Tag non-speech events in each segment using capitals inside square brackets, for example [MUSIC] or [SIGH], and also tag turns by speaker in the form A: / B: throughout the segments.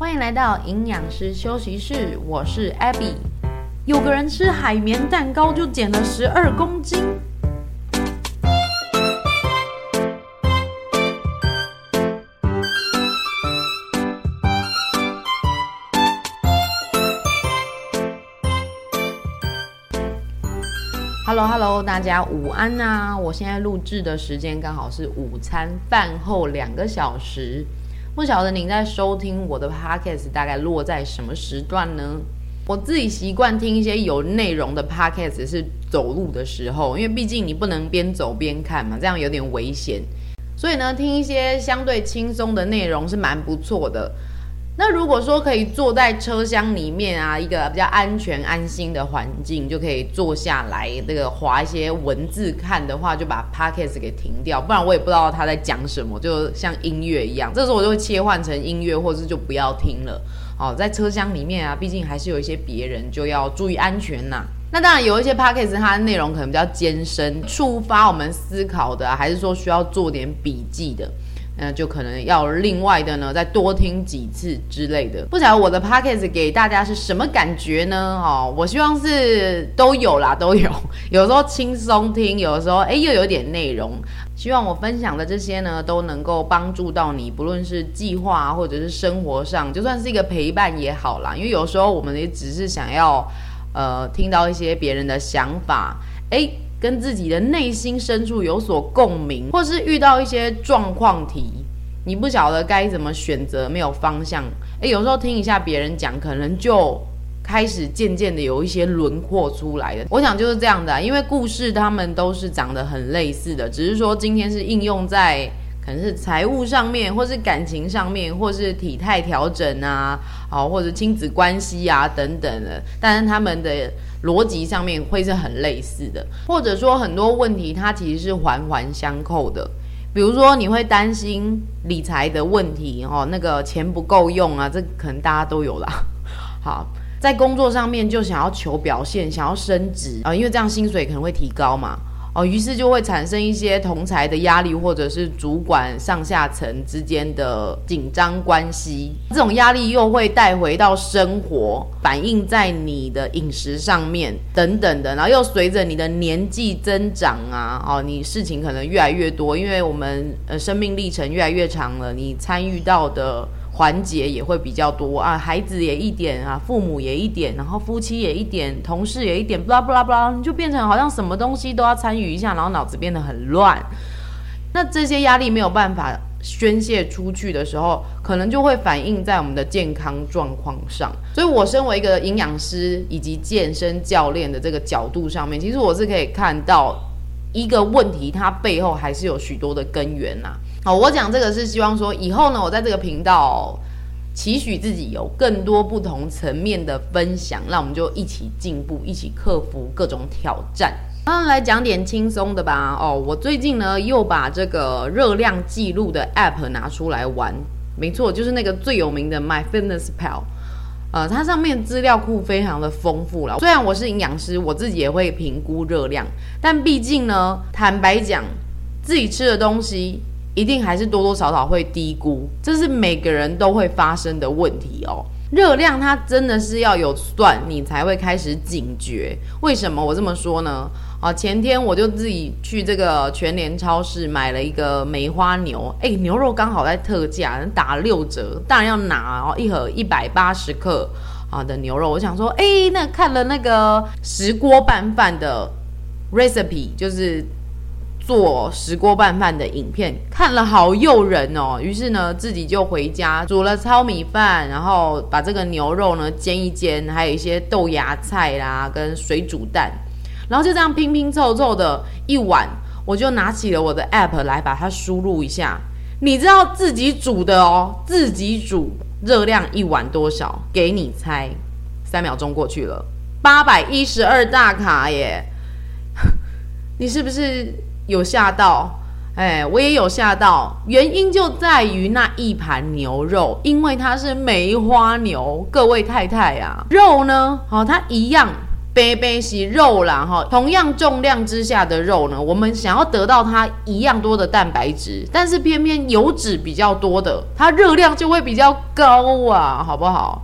A: 歡迎來到營養師休息室，我是 Abby。有個人吃海綿蛋糕就減了十二公斤。Hello，Hello， [MUSIC] hello, 大家午安啊！我現在錄制的時間剛好是午餐飯後兩個小時。不曉得您在收聽我的 podcast 大概落在什麼時段呢？我自己習慣聽一些有內容的 podcast 是走路的時候，因為畢竟你不能邊走邊看嘛，這樣有點危險。所以呢，聽一些相對輕鬆的內容是蠻不錯的。那如果說可以坐在車廂裡面啊，一個比較安全、安心的環境，就可以坐下來那個劃一些文字看的話，就把 podcasts 給停掉，不然我也不知道他在講什麼，就像音樂一樣。這時候我就會切換成音樂，或者是就不要聽了。好、哦，在車廂裡面啊，畢竟還是有一些別人，就要注意安全吶、啊。那當然有一些 podcasts 它的內容可能比較艱深，觸發我們思考的、啊，還是說需要做點筆記的。那、呃、就可能要另外的呢，再多聽幾次之類的。不曉得我的 podcast 給大家是什麼感覺呢？哦，我希望是都有啦，都有。有時候輕鬆聽，有時候哎、欸、又有點內容。希望我分享的這些呢，都能夠幫助到你，不論是計劃、啊、或者是生活上，就算是一個陪伴也好啦。因為有時候我們也只是想要，呃，聽到一些別人的想法，欸跟自己的內心深處有所共鳴，或是遇到一些狀況題，你不曉得該怎麼選擇，沒有方向。誒、欸，有時候聽一下別人講，可能就開始漸漸的有一些輪廓出來了。我想就是這樣的、啊，因為故事他們都是長得很類似的，只是說今天是應用在。可能是財務上面，或是感情上面，或是體態調整啊，好，或者親子關係啊等等的。但是他們的邏輯上面會是很類似的，或者說很多問題它其實是環環相扣的。比如說你會擔心理財的問題，哦，那個錢不夠用啊，這可能大家都有啦。好，在工作上面就想要求表現，想要升職啊，因為這樣薪水可能會提高嘛。哦，於是就會產生一些同儕的壓力，或者是主管上下層之間的緊張關係。這種壓力又會帶回到生活，反映在你的飲食上面等等的。然後又隨着你的年紀增長啊，哦，你事情可能越來越多，因為我們呃生命歷程越來越長了，你參與到的。環節也會比較多啊，孩子也一點啊，父母也一點，然後夫妻也一點，同事也一點，巴拉巴拉巴拉，你就變成好像什麼東西都要參與一下，然後腦子變得很亂。那這些壓力沒有辦法宣泄出去的時候，可能就會反映在我們的健康狀況上。所以，我身為一個營養師以及健身教練的這個角度上面，其實我是可以看到一個問題，它背後還是有許多的根源吶、啊。哦，我講這個是希望說，以後呢，我在這個頻道、哦、期許自己有更多不同層面的分享，那我們就一起進步，一起克服各種挑戰。當然、啊、來講點輕鬆的吧。哦，我最近呢又把這個熱量記錄的 App 拿出來玩，沒錯，就是那個最有名的 My Fitness Pal。呃，它上面資料庫非常的豐富了。雖然我是營養師，我自己也會評估熱量，但畢竟呢，坦白講，自己吃的東西。一定還是多多少少會低估，這是每個人都會發生的問題哦。熱量它真的是要有算，你才會開始警覺。為什麼我這麼說呢？啊，前天我就自己去這個全聯超市買了一個梅花牛，哎，牛肉剛好在特價，打了六折，當然要拿哦。一盒一百八十克啊的牛肉，我想說，哎，那看了那個石鍋拌飯的 recipe，就是。做石鍋拌飯的影片，看了好誘人哦，於是呢自己就回家煮了糙米飯，然後把這個牛肉呢煎一煎，還有一些豆芽菜啦跟水煮蛋，然後就這樣拼拼湊湊的一碗，我就拿起了我的 app 來把它輸入一下。你知道自己煮的哦，自己煮熱量一碗多少？給你猜，三秒鐘過去了，八百一十二大卡耶， [LAUGHS] 你是不是？有嚇到，哎、欸，我也有嚇到，原因就在於那一盤牛肉，因為它是梅花牛，各位太太啊，肉呢，好、哦，它一樣，杯杯是肉啦，哈、哦，同樣重量之下的肉呢，我們想要得到它一樣多的蛋白質，但是偏偏油脂比較多的，它熱量就會比較高啊，好不好？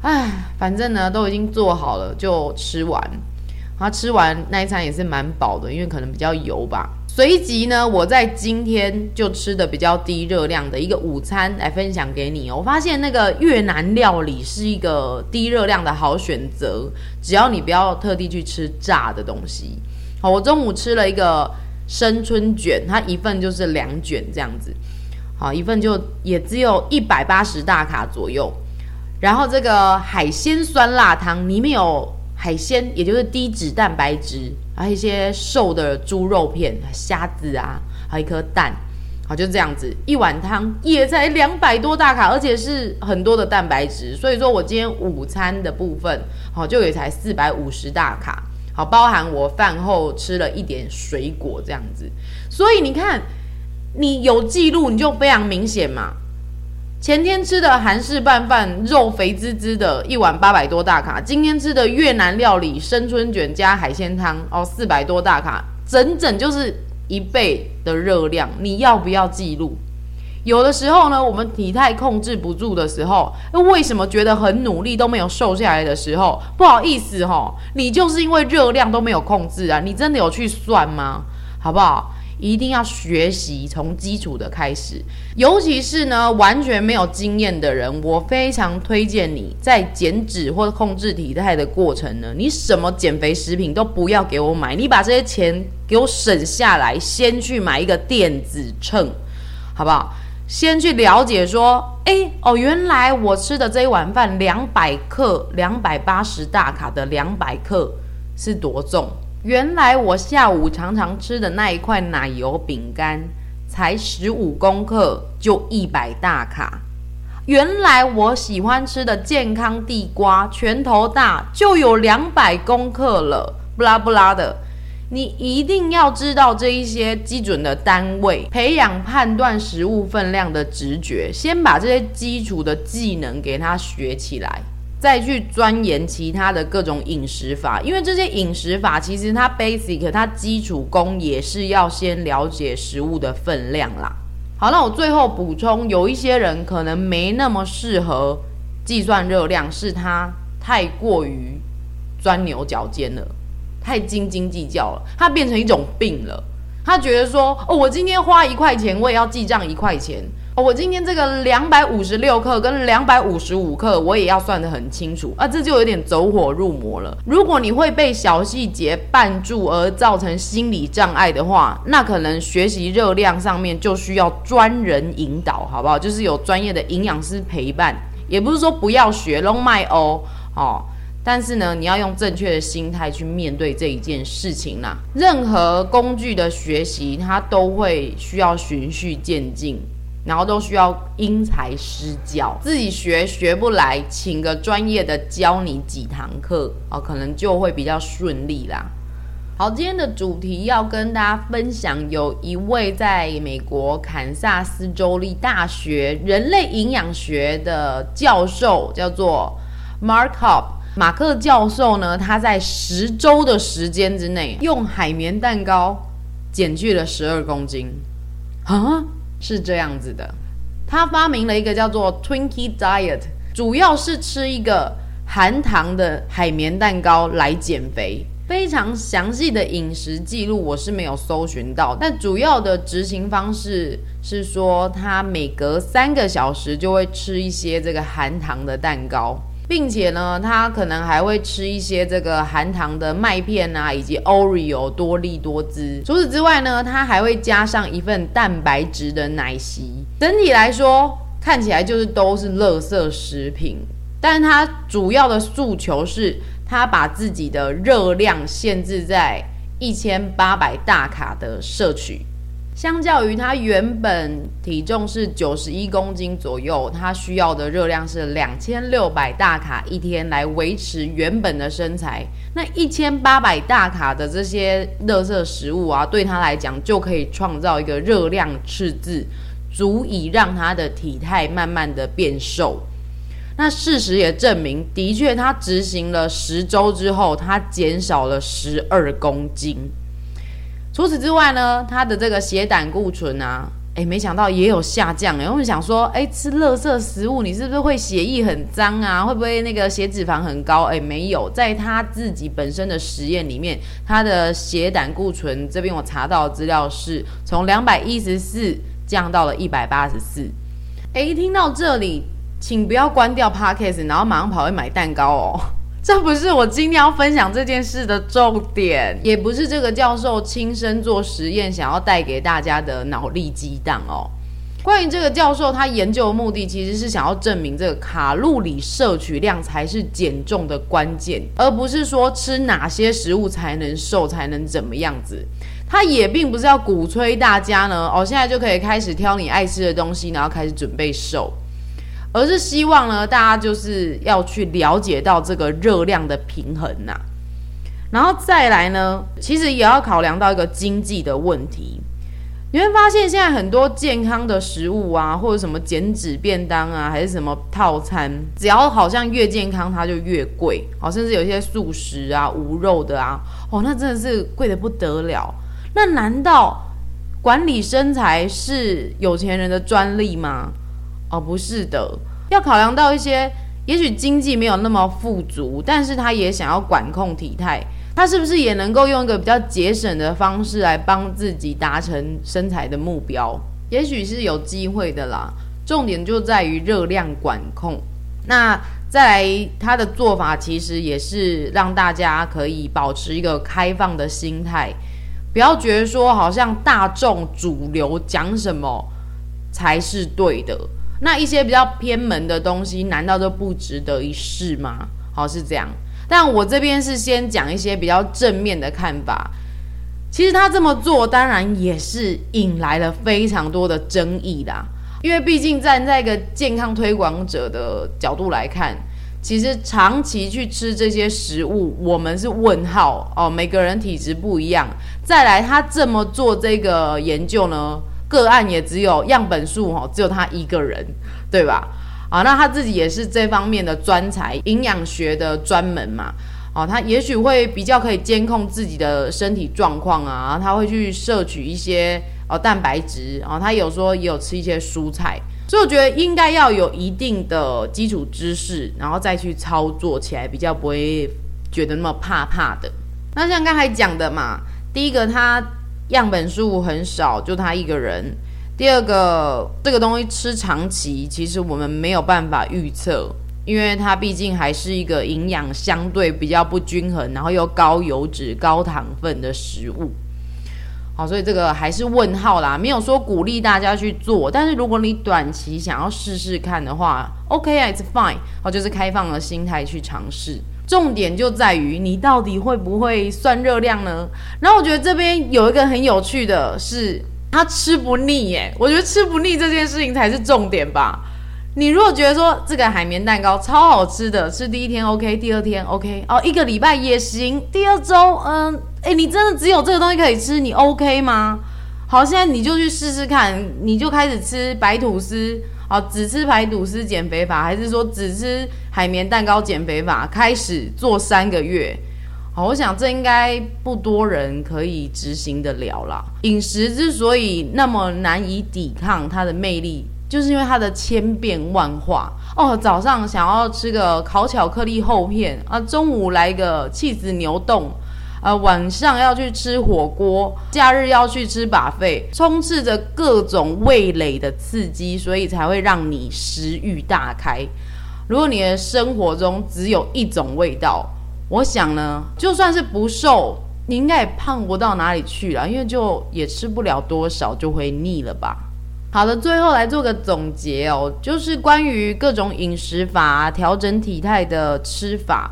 A: 哎，反正呢，都已經做好了，就吃完。他吃完那一餐也是蠻飽的，因為可能比較油吧。隨即呢，我在今天就吃的比較低熱量的一個午餐來分享給你哦。我發現那個越南料理是一個低熱量的好選擇，只要你不要特地去吃炸的東西。好，我中午吃了一個生春捲，它一份就是兩捲這樣子。好，一份就也只有一百八十大卡左右。然後這個海鮮酸辣湯裡面有。海鮮，也就是低脂蛋白質，還有一些瘦的豬肉片、蝦子啊，還有一顆蛋，好，就是這樣子，一碗湯也才兩百多大卡，而且是很多的蛋白質，所以說我今天午餐的部分，好，就也才四百五十大卡，好，包含我飯後吃了一點水果這樣子，所以你看，你有記錄，你就非常明顯嘛。前天吃的韓式拌飯，肉肥滋滋的，一碗八百多大卡。今天吃的越南料理生春捲加海鮮湯，哦，四百多大卡，整整就是一倍的熱量。你要不要記錄？有的時候呢，我們體態控制不住的時候，那為什麼覺得很努力都沒有瘦下來的時候？不好意思哈，你就是因為熱量都沒有控制啊，你真的有去算嗎？好不好？一定要學習從基礎的開始，尤其是呢，完全沒有經驗的人，我非常推薦你在減脂或控制體態的過程呢，你什麼減肥食品都不要給我買，你把這些錢給我省下來，先去買一個電子秤，好不好？先去了解說，哎、欸、哦，原來我吃的這一碗飯兩百克，兩百八十大卡的兩百克是多重？原來我下午常常吃的那一塊奶油餅乾，才十五公克，就一百大卡。原來我喜歡吃的健康地瓜，拳頭大就有兩百公克了。不拉不拉的，你一定要知道這一些基準的單位，培養判斷食物分量的直覺。先把這些基礎的技能給它學起來。再去鑽研其他的各種飲食法，因為這些飲食法其實它 basic 它基礎功也是要先了解食物的分量啦。好，那我最後補充，有一些人可能沒那麼適合計算熱量，是他太過於鑽牛角尖了，太斤斤計較了，他變成一種病了。他覺得說，哦，我今天花一塊錢，我也要記賬一塊錢。我今天這個兩百五十六克跟兩百五十五克，我也要算得很清楚啊！這就有點走火入魔了。如果你會被小細節絆住而造成心理障礙的話，那可能學習熱量上面就需要專人引導，好不好？就是有專業的營養師陪伴，也不是說不要學龍脈哦哦。但是呢，你要用正確的心態去面對這一件事情啦、啊。任何工具的學習，它都會需要循序漸進。然後都需要因材施教，自己學學不來，請個專業的教你幾堂課啊、哦，可能就會比較順利啦。好，今天的主題要跟大家分享，有一位在美國堪薩斯州立大學人類營養學的教授叫做 Mark Haub，馬克教授呢，他在十週的時間之內用海綿蛋糕減去了十二公斤啊。是這樣子的，他發明了一個叫做 Twinkie Diet，主要是吃一個含糖的海綿蛋糕來減肥。非常詳細的飲食記錄我是沒有搜尋到，但主要的執行方式是說，他每隔三個小時就會吃一些這個含糖的蛋糕。並且呢，他可能還會吃一些這個含糖的麥片啊，以及 Oreo 多利多滋。除此之外呢，他還會加上一份蛋白質的奶昔。整體來說，看起來就是都是垃圾食品。但他主要的訴求是，他把自己的熱量限制在一千八百大卡的攝取。相較於他原本體重是九十一公斤左右，他需要的熱量是兩千六百大卡一天，來維持原本的身材。那一千八百大卡的這些垃圾食物啊，對他來講就可以創造一個熱量赤字，足以讓他的體態慢慢的變瘦。那事實也證明，的確他執行了十周之後，他減少了十二公斤。除此之外呢，他的這個血膽固醇啊，誒、欸，沒想到也有下降誒、欸，我們想說，哎、欸，吃垃圾食物，你是不是會血液很髒啊？會不會那個血脂肪很高？哎、欸，沒有，在他自己本身的實驗裡面，他的血膽固醇這邊我查到的資料是從兩百一十四降到了、欸、一百八十四。一聽到這裡，請不要關掉 podcast，然後馬上跑去買蛋糕哦。這不是我今天要分享這件事的重點，也不是這個教授親身做實驗想要帶給大家的腦力激盪哦。關於這個教授，他研究的目的其實是想要證明這個卡路里攝取量才是減重的關鍵，而不是說吃哪些食物才能瘦，才能怎麼樣子。他也並不是要鼓吹大家呢，哦，現在就可以開始挑你愛吃的東西，然後開始準備瘦。而是希望呢，大家就是要去了解到這個熱量的平衡吶、啊，然後再來呢，其實也要考量到一個經濟的問題。你會發現現在很多健康的食物啊，或者什麼減脂便當啊，還是什麼套餐，只要好像越健康它就越貴，好、哦，甚至有一些素食啊、無肉的啊，哦，那真的是貴得不得了。那難道管理身材是有錢人的專利嗎？哦，不是的。要考量到一些，也許經濟沒有那麼富足，但是他也想要管控體態，他是不是也能夠用一個比較節省的方式來幫自己達成身材的目標？也許是有機會的啦，重點就在於熱量管控。那再來，他的做法其實也是讓大家可以保持一個開放的心態，不要覺得說好像大眾主流講什麼才是對的。那一些比較偏門的東西，難道都不值得一試嗎？好，是這樣。但我這邊是先講一些比較正面的看法。其實他這麼做，當然也是引來了非常多的爭議啦。因為畢竟站在一個健康推廣者的角度來看，其實長期去吃這些食物，我們是問號哦。每個人體質不一樣。再來，他這麼做這個研究呢？個案也只有樣本數哦，只有他一個人，對吧？啊，那他自己也是這方面的專才，營養學的專門嘛，哦，他也許會比較可以監控自己的身體狀況啊，他會去攝取一些哦蛋白質，然他有時候也有吃一些蔬菜，所以我覺得應該要有一定的基礎知識，然後再去操作起來比較不會覺得那麼怕怕的。那像剛才講的嘛，第一個他。樣本數很少，就他一個人。第二個，這個東西吃長期，其實我們沒有辦法預測，因為它畢竟還是一個營養相對比較不均衡，然後又高油脂、高糖分的食物。哦，所以這個還是問號啦，沒有說鼓勵大家去做。但是如果你短期想要試試看的話，OK，it's fine，好，就是開放的心態去嘗試。重點就在於你到底會不會算熱量呢？然後我覺得這邊有一個很有趣的是，它吃不膩耶。我覺得吃不膩這件事情才是重點吧。你如果覺得說這個海綿蛋糕超好吃的，吃第一天 OK，第二天 OK，哦，一個禮拜也行，第二周嗯。哎、欸，你真的只有這個東西可以吃？你 OK 嗎？好，現在你就去試試看，你就開始吃白吐司，好，只吃白吐司減肥法，還是說只吃海綿蛋糕減肥法？開始做三個月，好，我想這應該不多人可以執行得了啦。飲食之所以那麼難以抵抗它的魅力，就是因為它的千變萬化。哦，早上想要吃個烤巧克力厚片啊，中午來一個起司牛丼。呃，晚上要去吃火鍋，假日要去吃 buffet，充斥着各種味蕾的刺激，所以才會讓你食欲大開。如果你的生活中只有一種味道，我想呢，就算是不瘦，你應該也胖不到哪裡去了，因為就也吃不了多少，就會膩了吧。好的，最後來做個總結哦、喔，就是關於各種飲食法、調整體態的吃法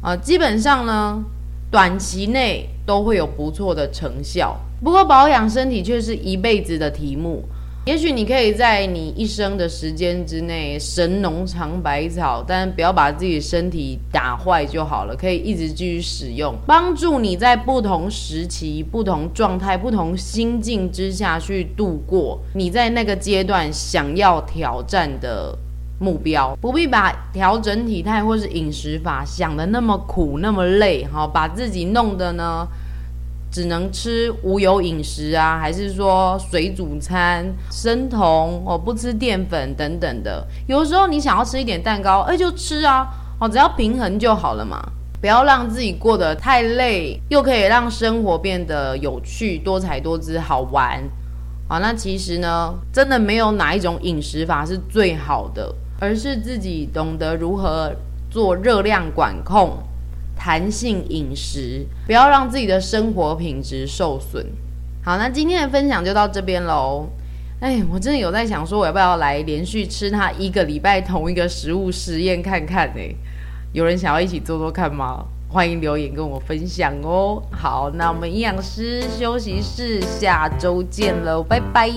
A: 啊、呃，基本上呢。短期內都會有不錯的成效，不過保養身體卻是一輩子的題目。也許你可以在你一生的時間之內，神農嘗百草，但不要把自己身體打壞就好了，可以一直繼續使用，幫助你在不同時期、不同狀態、不同心境之下去度過你在那個階段想要挑戰的。目標不必把調整體態或是飲食法想得那麼苦，那麼累。好、哦、把自己弄得呢，只能吃無油飲食啊，還是說水煮餐、生酮哦，不吃澱粉等等的。有的時候你想要吃一點蛋糕，哎、欸，就吃啊，哦，只要平衡就好了嘛。不要讓自己過得太累，又可以讓生活變得有趣、多彩多姿、好玩。啊、哦，那其實呢，真的沒有哪一種飲食法是最好的。而是自己懂得如何做熱量管控、彈性飲食，不要讓自己的生活品質受損。好，那今天的分享就到這邊嘍。哎，我真的有在想說，我要不要來連續吃它一個禮拜同一個食物實驗看看呢？欸，有人想要一起做做看嗎？歡迎留言跟我分享哦、喔。好，那我們營養師休息室下周見嘍，拜拜。